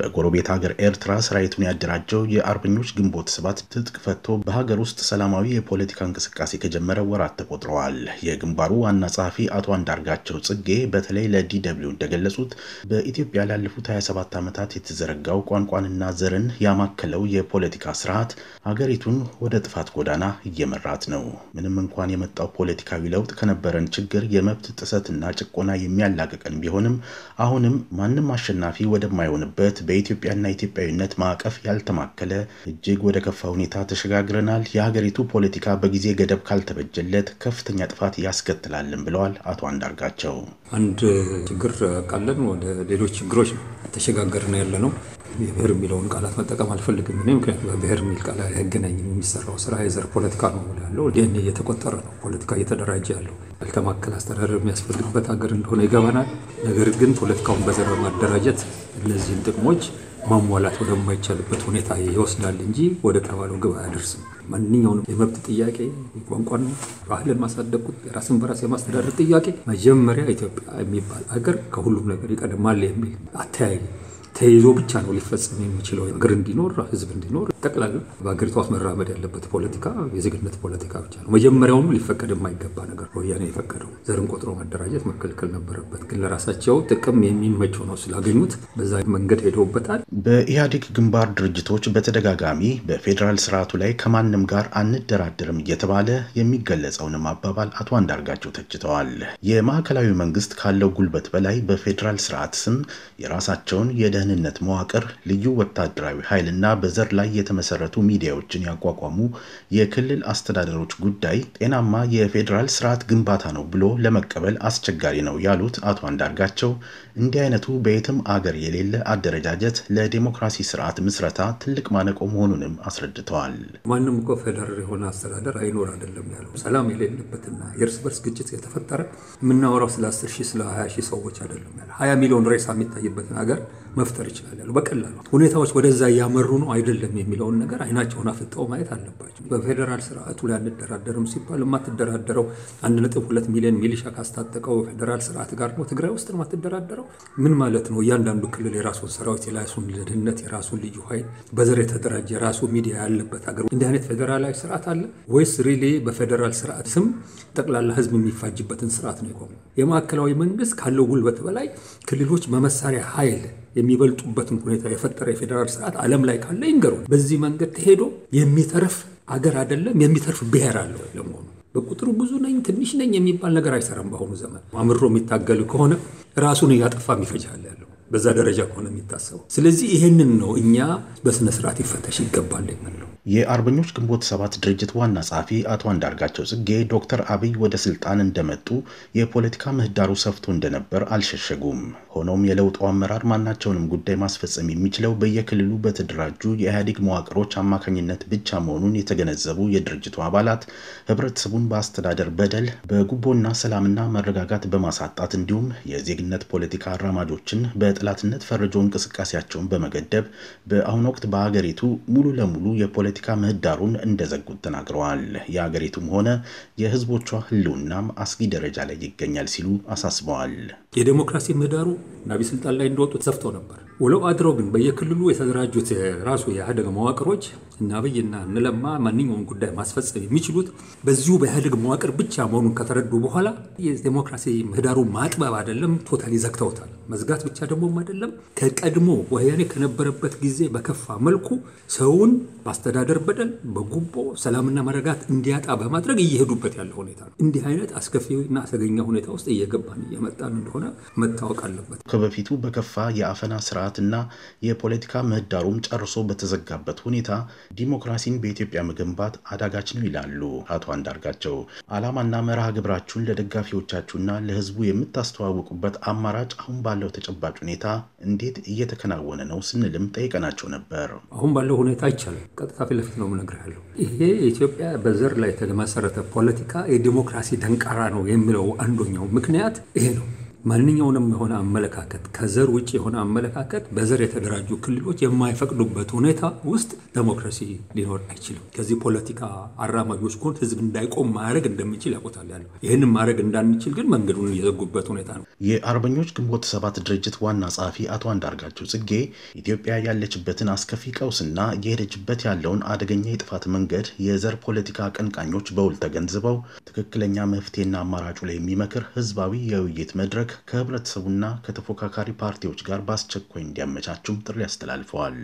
በጎረቤት ሀገር ኤርትራ ሰራዊቱን ያደራጀው የአርበኞች ግንቦት ሰባት ትጥቅ ፈቶ በሀገር ውስጥ ሰላማዊ የፖለቲካ እንቅስቃሴ ከጀመረ ወራት ተቆጥረዋል። የግንባሩ ዋና ጸሐፊ አቶ አንዳርጋቸው ጽጌ በተለይ ለዲደብሊው እንደገለጹት በኢትዮጵያ ላለፉት 27 ዓመታት የተዘረጋው ቋንቋንና ዘርን ያማከለው የፖለቲካ ስርዓት ሀገሪቱን ወደ ጥፋት ጎዳና እየመራት ነው። ምንም እንኳን የመጣው ፖለቲካዊ ለውጥ ከነበረን ችግር የመብት ጥሰትና ጭቆና የሚያላቅቀን ቢሆንም አሁንም ማንም አሸናፊ ወደማይሆንበት በኢትዮጵያና ኢትዮጵያዊነት ማዕቀፍ ያልተማከለ እጅግ ወደ ከፋ ሁኔታ ተሸጋግረናል። የሀገሪቱ ፖለቲካ በጊዜ ገደብ ካልተበጀለት ከፍተኛ ጥፋት ያስከትላልን ብለዋል አቶ አንዳርጋቸው። አንድ ችግር ቀለን ወደ ሌሎች ችግሮች ተሸጋገርን ያለ ነው። የብሔር የሚለውን ቃላት መጠቀም አልፈልግም እኔ ምክንያቱም በብሔር የሚል ቃል አይገናኝም። የሚሰራው ስራ የዘር ፖለቲካ ነው ያለው ይህን እየተቆጠረ ነው ፖለቲካ እየተደራጀ ያለው ያልተማከለ አስተዳደር የሚያስፈልግበት ሀገር እንደሆነ ይገባናል። ነገር ግን ፖለቲካውን በዘር ማደራጀት እነዚህን ጥቅሞች ማሟላት ወደማይቻልበት ሁኔታ ይወስዳል እንጂ ወደ ተባለው ግብ አያደርስም። ማንኛውንም የመብት ጥያቄ ቋንቋን፣ ባህልን ማሳደግ፣ የራስን በራስ የማስተዳደር ጥያቄ መጀመሪያ ኢትዮጵያ የሚባል ሀገር ከሁሉም ነገር ይቀድማል የሚል አተያይ ተይዞ ብቻ ነው ሊፈጸም የሚችለው። ሀገር እንዲኖር ህዝብ እንዲኖር ጠቅላላ በሀገሪቷ ውስጥ መራመድ ያለበት ፖለቲካ የዜግነት ፖለቲካ ብቻ ነው። መጀመሪያውም ሊፈቀድ የማይገባ ነገር ወያኔ የፈቀደው ዘርን ቆጥሮ ማደራጀት መከልከል ነበረበት። ግን ለራሳቸው ጥቅም የሚመቸው ነው ስላገኙት በዛ መንገድ ሄደውበታል። በኢህአዴግ ግንባር ድርጅቶች በተደጋጋሚ በፌዴራል ስርዓቱ ላይ ከማንም ጋር አንደራደርም እየተባለ የሚገለጸውንም አባባል አቶ አንዳርጋቸው ተችተዋል። የማዕከላዊ መንግስት ካለው ጉልበት በላይ በፌዴራል ስርዓት ስም የራሳቸውን የደህ የደህንነት መዋቅር፣ ልዩ ወታደራዊ ኃይል እና በዘር ላይ የተመሰረቱ ሚዲያዎችን ያቋቋሙ የክልል አስተዳደሮች ጉዳይ ጤናማ የፌዴራል ስርዓት ግንባታ ነው ብሎ ለመቀበል አስቸጋሪ ነው ያሉት አቶ አንዳርጋቸው እንዲህ አይነቱ በየትም አገር የሌለ አደረጃጀት ለዲሞክራሲ ስርዓት ምስረታ ትልቅ ማነቆ መሆኑንም አስረድተዋል። ማንም እኮ ፌደራል የሆነ አስተዳደር አይኖር አይደለም ያለው ሰላም የሌለበትና የእርስ በርስ ግጭት የተፈጠረ የምናወራው ስለ 10 ሺህ ስለ 20 ሺህ ሰዎች አይደለም ያለ 20 ሚሊዮን ሬሳ የሚታይበትን ሀገር መፍጠር ይችላሉ። በቀላሉ ሁኔታዎች ወደዛ እያመሩ ነው አይደለም የሚለውን ነገር አይናቸውን አፍጠው ማየት አለባቸው። በፌዴራል ስርዓቱ ላይ አንደራደርም ሲባል የማትደራደረው አንድ ነጥብ ሁለት ሚሊዮን ሚሊሻ ካስታጠቀው ፌዴራል ስርዓት ጋር ነው ትግራይ ውስጥ የማትደራደረው ምን ማለት ነው? እያንዳንዱ ክልል የራሱን ሰራዊት፣ የራሱን ደህንነት፣ የራሱን ልዩ ኃይል በዘር የተደራጀ የራሱ ሚዲያ ያለበት ሀገር እንዲህ አይነት ፌዴራላዊ ስርዓት አለ ወይስ ሪሌ በፌዴራል ስርዓት ስም ጠቅላላ ህዝብ የሚፋጅበትን ስርዓት ነው የቆመው? የማዕከላዊ መንግስት ካለው ጉልበት በላይ ክልሎች በመሳሪያ ኃይል የሚበልጡበትን ሁኔታ የፈጠረ የፌዴራል ስርዓት ዓለም ላይ ካለ ይንገሩ። በዚህ መንገድ ተሄዶ የሚተርፍ አገር አይደለም፣ የሚተርፍ ብሔር አለ ወይ ለመሆኑ በቁጥሩ ብዙ ነኝ ትንሽ ነኝ የሚባል ነገር አይሰራም። በአሁኑ ዘመን አምሮ የሚታገል ከሆነ ራሱን እያጠፋ የሚፈጃለ ያለው በዛ ደረጃ ከሆነ የሚታሰበው። ስለዚህ ይህንን ነው እኛ በስነስርዓት ይፈተሽ ይገባል የምንለው። የአርበኞች ግንቦት ሰባት ድርጅት ዋና ጸሐፊ አቶ አንዳርጋቸው ጽጌ ዶክተር አብይ ወደ ስልጣን እንደመጡ የፖለቲካ ምህዳሩ ሰፍቶ እንደነበር አልሸሸጉም። ሆኖም የለውጡ አመራር ማናቸውንም ጉዳይ ማስፈጸም የሚችለው በየክልሉ በተደራጁ የኢህአዴግ መዋቅሮች አማካኝነት ብቻ መሆኑን የተገነዘቡ የድርጅቱ አባላት ህብረተሰቡን በአስተዳደር በደል፣ በጉቦና ሰላምና መረጋጋት በማሳጣት እንዲሁም የዜግነት ፖለቲካ አራማጆችን በጠላትነት ፈርጆ እንቅስቃሴያቸውን በመገደብ በአሁኑ ወቅት በአገሪቱ ሙሉ ለሙሉ የፖለቲ የፖለቲካ ምህዳሩን እንደዘጉት ተናግረዋል። የአገሪቱም ሆነ የህዝቦቿ ህልውናም አስጊ ደረጃ ላይ ይገኛል ሲሉ አሳስበዋል። የዴሞክራሲ ምህዳሩ ናቢ ስልጣን ላይ እንደወጡ ተሰፍቶ ነበር። ውለው አድረው ግን በየክልሉ የተደራጁት ራሱ የኢህአዴግ መዋቅሮች እና አብይና እነ ለማ ማንኛውም ጉዳይ ማስፈጸም የሚችሉት በዚሁ በኢህአዴግ መዋቅር ብቻ መሆኑን ከተረዱ በኋላ የዴሞክራሲ ምህዳሩ ማጥበብ አይደለም፣ ቶታሊ ዘግተውታል። መዝጋት ብቻ ደግሞም አይደለም። ከቀድሞ ወያኔ ከነበረበት ጊዜ በከፋ መልኩ ሰውን በአስተዳደር በደል፣ በጉቦ ሰላምና መረጋት እንዲያጣ በማድረግ እየሄዱበት ያለ ሁኔታ ነው። እንዲህ አይነት አስከፊና አሰገኛ ሁኔታ ውስጥ እየገባን እየመጣን እንደሆነ መታወቅ አለበት። ከበፊቱ በከፋ የአፈና ስርዓትና የፖለቲካ ምህዳሩም ጨርሶ በተዘጋበት ሁኔታ ዲሞክራሲን በኢትዮጵያ መገንባት አዳጋች ነው ይላሉ አቶ አንዳርጋቸው። ዓላማና መርሃ ግብራችሁን ለደጋፊዎቻችሁና ለህዝቡ የምታስተዋውቁበት አማራጭ አሁን ባለው ተጨባጭ ሁኔታ እንዴት እየተከናወነ ነው ስንልም ጠይቀናቸው ነበር። አሁን ባለው ሁኔታ አይቻልም። ቀጥታ ፊት ለፊት ነው የምነግርህ ያለው። ይሄ የኢትዮጵያ በዘር ላይ የተመሰረተ ፖለቲካ የዲሞክራሲ ደንቃራ ነው የሚለው አንዱኛው ምክንያት ይሄ ነው። ማንኛውንም የሆነ አመለካከት ከዘር ውጭ የሆነ አመለካከት በዘር የተደራጁ ክልሎች የማይፈቅዱበት ሁኔታ ውስጥ ዴሞክራሲ ሊኖር አይችልም። ከዚህ ፖለቲካ አራማጆች ጎን ህዝብ እንዳይቆም ማድረግ እንደሚችል ያውቁታል ያለው ይህንን ማድረግ እንዳንችል ግን መንገዱን እየዘጉበት ሁኔታ ነው። የአርበኞች ግንቦት ሰባት ድርጅት ዋና ጸሐፊ አቶ አንዳርጋቸው ጽጌ ኢትዮጵያ ያለችበትን አስከፊ ቀውስና እየሄደችበት ያለውን አደገኛ የጥፋት መንገድ የዘር ፖለቲካ አቀንቃኞች በውል ተገንዝበው ትክክለኛ መፍትሄና አማራጩ ላይ የሚመክር ህዝባዊ የውይይት መድረክ መድረክ ከህብረተሰቡና ከተፎካካሪ ፓርቲዎች ጋር በአስቸኳይ እንዲያመቻቹም ጥሪ አስተላልፈዋል።